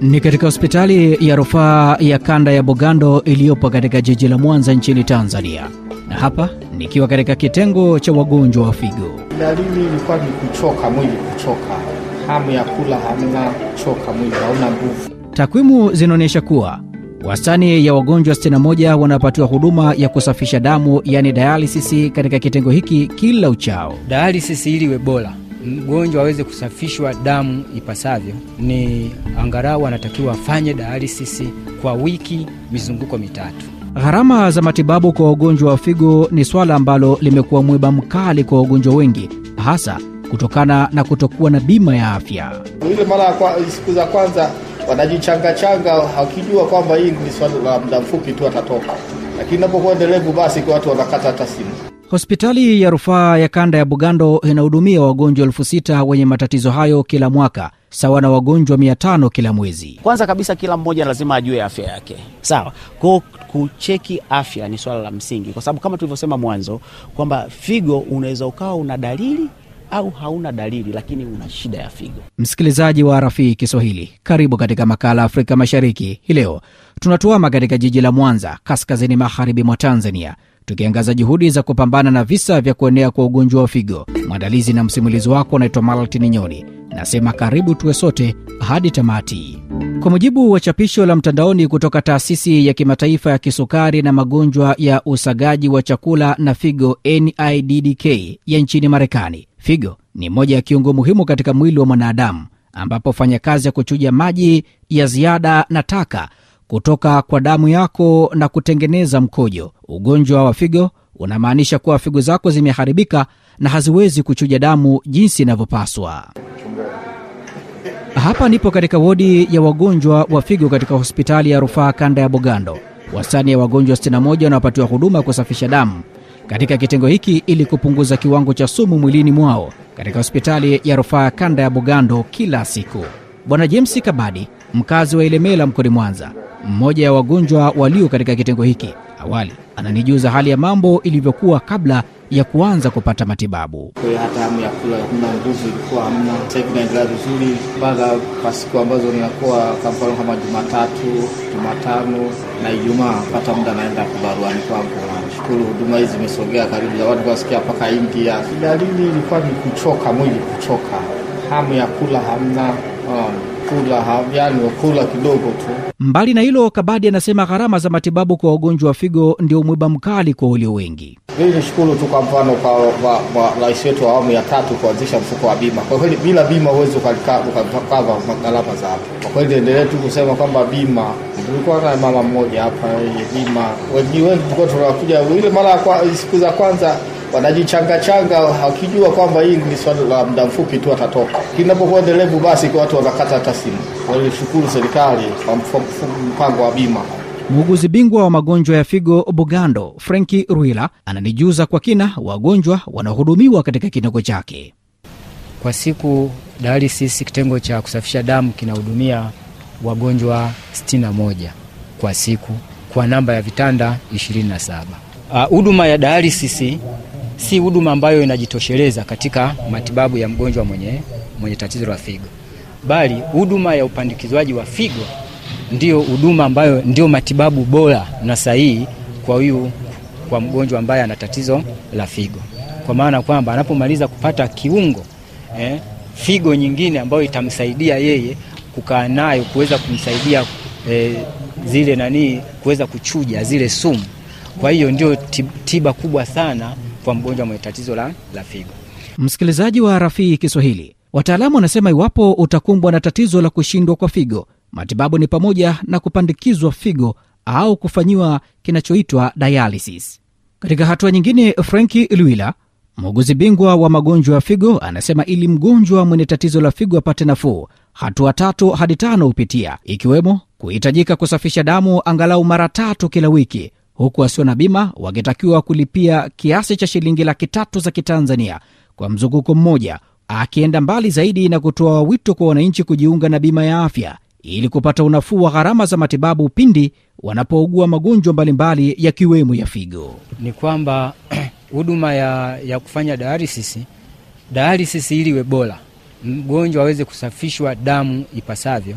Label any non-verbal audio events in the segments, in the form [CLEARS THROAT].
Ni katika hospitali ya rufaa ya kanda ya Bugando iliyopo katika jiji la Mwanza nchini Tanzania, na hapa nikiwa katika kitengo cha wagonjwa wa figo. Dalili ilikuwa ni kuchoka mwili, kuchoka, hamu ya kula hamna, choka mwili, hauna nguvu. Takwimu zinaonyesha kuwa Wastani ya wagonjwa 61 wanapatiwa huduma ya kusafisha damu yani dialysis katika kitengo hiki kila uchao. Dialysis ili iwe bora mgonjwa aweze kusafishwa damu ipasavyo, ni angalau anatakiwa afanye dialysis kwa wiki mizunguko mitatu. Gharama za matibabu kwa wagonjwa wa figo ni swala ambalo limekuwa mwiba mkali kwa wagonjwa wengi, hasa kutokana na kutokuwa na bima ya afya. Ile mara siku za kwanza wanajichangachanga wakijua kwamba hii ni swala la muda mfupi tu atatoka, lakini inapokuwa endelevu, basi kwa watu wanakata hata simu. Hospitali ya rufaa ya kanda ya Bugando inahudumia wagonjwa elfu sita wenye matatizo hayo kila mwaka, sawa na wagonjwa mia tano kila mwezi. Kwanza kabisa, kila mmoja lazima ajue afya yake, sawa ko kucheki afya ni swala la msingi, kwa sababu kama tulivyosema mwanzo kwamba figo unaweza ukawa una dalili au hauna dalili lakini una shida ya figo. Msikilizaji wa Rafii Kiswahili, karibu katika makala Afrika Mashariki. Hii leo tunatuama katika jiji la Mwanza, kaskazini magharibi mwa Tanzania, tukiangaza juhudi za kupambana na visa vya kuenea kwa ugonjwa wa figo. Mwandalizi na msimulizi wako anaitwa malti Nyoni. Nasema karibu tuwe sote hadi tamati. Kwa mujibu wa chapisho la mtandaoni kutoka taasisi ya kimataifa ya kisukari na magonjwa ya usagaji wa chakula na figo NIDDK ya nchini Marekani, Figo ni moja ya kiungo muhimu katika mwili wa mwanadamu, ambapo fanya kazi ya kuchuja maji ya ziada na taka kutoka kwa damu yako na kutengeneza mkojo. Ugonjwa wa figo unamaanisha kuwa figo zako zimeharibika na haziwezi kuchuja damu jinsi inavyopaswa. Hapa nipo katika wodi ya wagonjwa wa figo katika hospitali ya rufaa kanda ya Bogando. Wastani ya wagonjwa 61 wanaopatiwa huduma ya kusafisha damu katika kitengo hiki ili kupunguza kiwango cha sumu mwilini mwao katika hospitali ya rufaa kanda ya Bugando kila siku. Bwana James Kabadi, mkazi wa Ilemela mkoni Mwanza, mmoja ya wagonjwa walio katika kitengo hiki, awali ananijuza hali ya mambo ilivyokuwa kabla ya kuanza kupata matibabu. hata hamu ya kula kuna nguvu ilikuwa hamna. sahivi naendelea vizuri, mpaka kwa siku ambazo ninakuwa kwa mfano kama Jumatatu, Jumatano na Ijumaa pata muda naenda kubaruani kwangu. Nashukuru huduma hizi zimesogea karibu, watu kasikia mpaka India. Dalili ilikuwa ni kuchoka, mwili kuchoka, hamu ya kula hamna. Um, kula havyani wakula kidogo tu. Mbali na hilo, Kabadi anasema gharama za matibabu kwa wagonjwa wa figo ndio mwiba mkali kwa walio wengi. Hii ni shukuru tu kwa mfano kwa rais wetu wa awamu ya tatu kuanzisha mfuko wa bima. Kwa kweli bila bima huwezi ukakava gharama za hapo. Kwa kweli endelee tu kusema kwamba bima, tulikuwa na mama mmoja hapa, bima wengi wengi tulikuwa tunakuja ile mara siku za kwanza wanajichangachanga wakijua kwamba hili ni swala la muda mfupi tu atatoka. Kinapokuwa endelevu, basi kwa watu wanakata hata simu. Walishukuru serikali kwa mpango wa bima. Muuguzi bingwa wa magonjwa ya figo Bugando, Frenki Ruila, ananijuza kwa kina wagonjwa wanaohudumiwa katika kitengo chake. Kwa siku dialysis, kitengo cha kusafisha damu kinahudumia wagonjwa 61 kwa siku kwa namba ya vitanda 27. Ah, huduma uh, ya dialysis si huduma ambayo inajitosheleza katika matibabu ya mgonjwa mwenye, mwenye tatizo la figo, bali huduma ya upandikizwaji wa figo ndio huduma ambayo ndio matibabu bora na sahihi kwa huyu kwa mgonjwa ambaye ana tatizo la figo, kwa maana kwamba anapomaliza kupata kiungo eh, figo nyingine ambayo itamsaidia yeye kukaa nayo kuweza kumsaidia eh, zile nani kuweza kuchuja zile sumu. Kwa hiyo ndio tiba kubwa sana kwa mgonjwa mwenye tatizo la, la figo. Msikilizaji wa Rafii Kiswahili, wataalamu wanasema iwapo utakumbwa na tatizo la kushindwa kwa figo, matibabu ni pamoja na kupandikizwa figo au kufanyiwa kinachoitwa dialysis. Katika hatua nyingine, Franki Luila, muuguzi bingwa wa magonjwa ya figo, anasema ili mgonjwa mwenye tatizo la figo apate nafuu, hatua tatu hadi tano hupitia, ikiwemo kuhitajika kusafisha damu angalau mara tatu kila wiki, huku wasio na bima wakitakiwa kulipia kiasi cha shilingi laki tatu za Kitanzania kwa mzunguko mmoja, akienda mbali zaidi na kutoa wito kwa wananchi kujiunga na bima ya afya ili kupata unafuu wa gharama za matibabu pindi wanapougua magonjwa mbalimbali yakiwemo ya figo. Ni kwamba [CLEARS THROAT] huduma ya, ya kufanya daarisisi dialysis ili bora, mgonjwa aweze kusafishwa damu ipasavyo,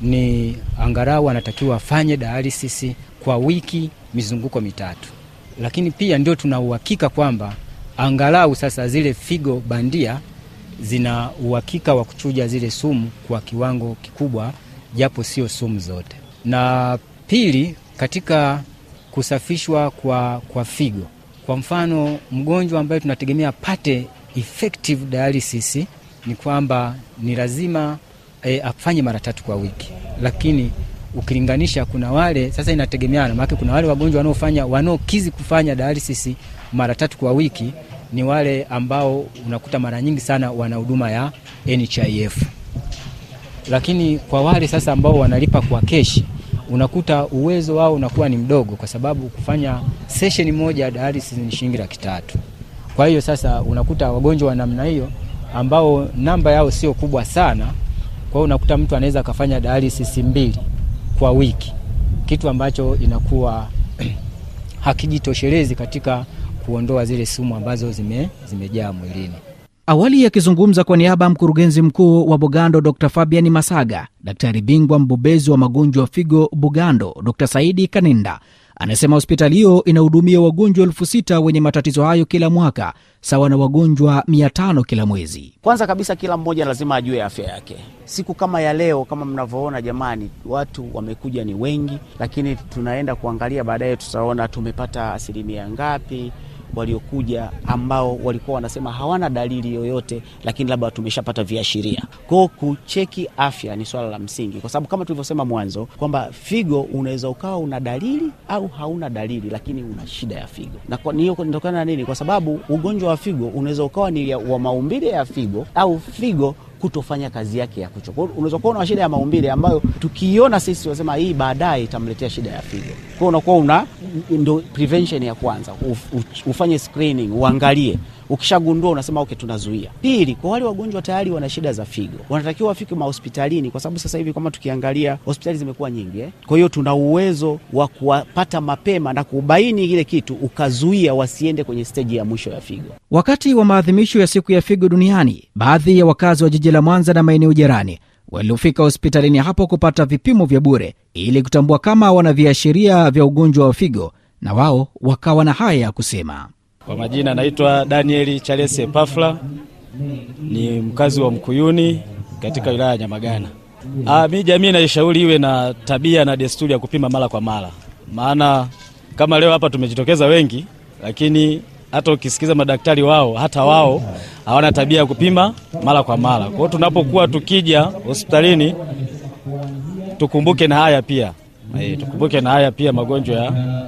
ni angarau anatakiwa afanye daarisisi kwa wiki mizunguko mitatu, lakini pia ndio tuna uhakika kwamba angalau sasa zile figo bandia zina uhakika wa kuchuja zile sumu kwa kiwango kikubwa, japo sio sumu zote. Na pili, katika kusafishwa kwa, kwa figo, kwa mfano mgonjwa ambaye tunategemea apate effective dialysis ni kwamba ni lazima e, afanye mara tatu kwa wiki, lakini ukilinganisha, kuna wale sasa, inategemeana maana, kuna wale wagonjwa wanaofanya wanaokizi kufanya dialysis mara tatu kwa wiki ni wale ambao unakuta mara nyingi sana wana huduma ya NHIF, lakini kwa wale sasa ambao wanalipa kwa cash unakuta uwezo wao unakuwa ni mdogo, kwa sababu kufanya session moja ya dialysis ni shilingi laki tatu. Kwa hiyo sasa unakuta wagonjwa wa namna hiyo ambao namba yao sio kubwa sana, kwa hiyo unakuta mtu anaweza akafanya dialysis mbili kwa wiki, kitu ambacho inakuwa [CLEARS THROAT] hakijitoshelezi katika kuondoa zile sumu ambazo zime, zimejaa mwilini. Awali akizungumza kwa niaba ya mkurugenzi mkuu wa Bugando Dr Fabian Masaga, daktari bingwa mbobezi wa magonjwa ya figo Bugando Dr Saidi Kanenda Anasema hospitali hiyo inahudumia wagonjwa elfu sita wenye matatizo hayo kila mwaka, sawa na wagonjwa mia tano kila mwezi. Kwanza kabisa, kila mmoja lazima ajue afya yake. Siku kama ya leo, kama mnavyoona jamani, watu wamekuja ni wengi, lakini tunaenda kuangalia baadaye, tutaona tumepata asilimia ngapi waliokuja ambao walikuwa wanasema hawana dalili yoyote, lakini labda tumeshapata viashiria. hiyo kucheki afya ni swala la msingi, kwa sababu kama tulivyosema mwanzo kwamba figo unaweza ukawa una dalili au hauna dalili, lakini una shida ya figo. Na kwa hiyo inatokana na nini? Kwa sababu ugonjwa wa figo unaweza ukawa ni wa maumbile ya figo au figo kutofanya kazi yake ya kucho. Kwa hiyo unaweza kuwa una shida ya maumbile ambayo tukiiona sisi wasema hii baadaye itamletea shida ya figo. Kwa hiyo unakuwa una ndio prevention ya kwanza, ufanye screening, uangalie Ukishagundua unasema okay, tunazuia. Pili, kwa wale wagonjwa tayari wana shida za figo, wanatakiwa wafike mahospitalini, kwa sababu sasa hivi kama tukiangalia hospitali zimekuwa nyingi eh? Kwa hiyo tuna uwezo wa kuwapata mapema na kubaini kile kitu, ukazuia wasiende kwenye steji ya mwisho ya figo. Wakati wa maadhimisho ya siku ya figo duniani, baadhi ya wakazi wa jiji la Mwanza na maeneo jirani waliofika hospitalini hapo kupata vipimo vya bure ili kutambua kama wana viashiria vya ugonjwa wa figo, na wao wakawa na haya ya kusema. Kwa majina naitwa Danieli Chalese Epafla, ni mkazi wa Mkuyuni katika wilaya ya Nyamagana. Ah, mi jamii naishauri iwe na tabia na desturi ya kupima mara kwa mara, maana kama leo hapa tumejitokeza wengi, lakini hata ukisikiza madaktari wao, hata wao hawana tabia ya kupima mara kwa mara. Kwa hiyo tunapokuwa tukija hospitalini tukumbuke na haya pia. E, tukumbuke na haya pia magonjwa ya,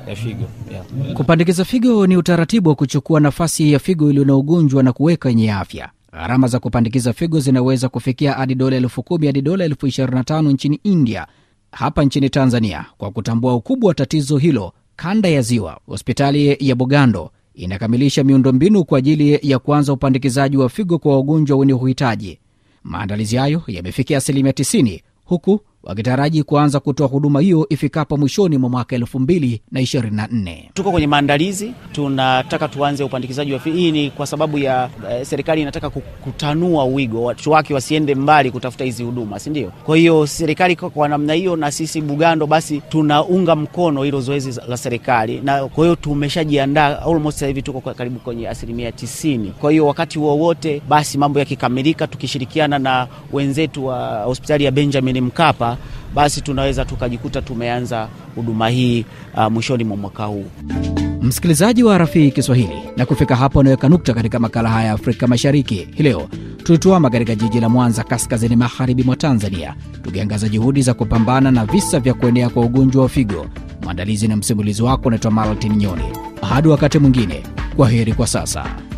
ya figo yeah. Kupandikiza figo ni utaratibu wa kuchukua nafasi ya figo iliyo na ugonjwa na kuweka yenye afya. Gharama za kupandikiza figo zinaweza kufikia hadi dola elfu kumi hadi dola elfu ishirini na tano nchini India. Hapa nchini Tanzania, kwa kutambua ukubwa wa tatizo hilo, kanda ya Ziwa, hospitali ya Bugando inakamilisha miundombinu kwa ajili ya kuanza upandikizaji wa figo kwa wagonjwa wenye uhitaji. Maandalizi hayo yamefikia asilimia 90 huku wakitaraji kuanza kutoa huduma hiyo ifikapo mwishoni mwa mwaka na nne. Tuko kwenye maandalizi, tunataka tuanze upandikizaji wa hii. Ni kwa sababu ya eh, serikali inataka kutanua wigo, watu wake wasiende mbali kutafuta hizi huduma, si ndio? Kwa hiyo serikali kwa namna hiyo, na sisi Bugando basi tunaunga mkono hilo zoezi la serikali, na kwa hiyo tumeshajiandaa almost, sasa hivi tuko karibu kwenye asilimia tisini. Kwa hiyo wakati wowote basi mambo yakikamilika, tukishirikiana na wenzetu wa hospitali ya Benjamin Mkapa basi tunaweza tukajikuta tumeanza huduma hii uh, mwishoni mwa mwaka huu. Msikilizaji wa Rafii Kiswahili, na kufika hapo unaweka nukta katika makala haya ya Afrika Mashariki hi leo. Tulituama katika jiji la Mwanza, kaskazini magharibi mwa Tanzania, tukiangaza juhudi za kupambana na visa vya kuenea kwa ugonjwa wa figo. Mwandalizi na msimulizi wako unaitwa maltin Nyoni. Hadi wakati mwingine, kwa heri kwa sasa.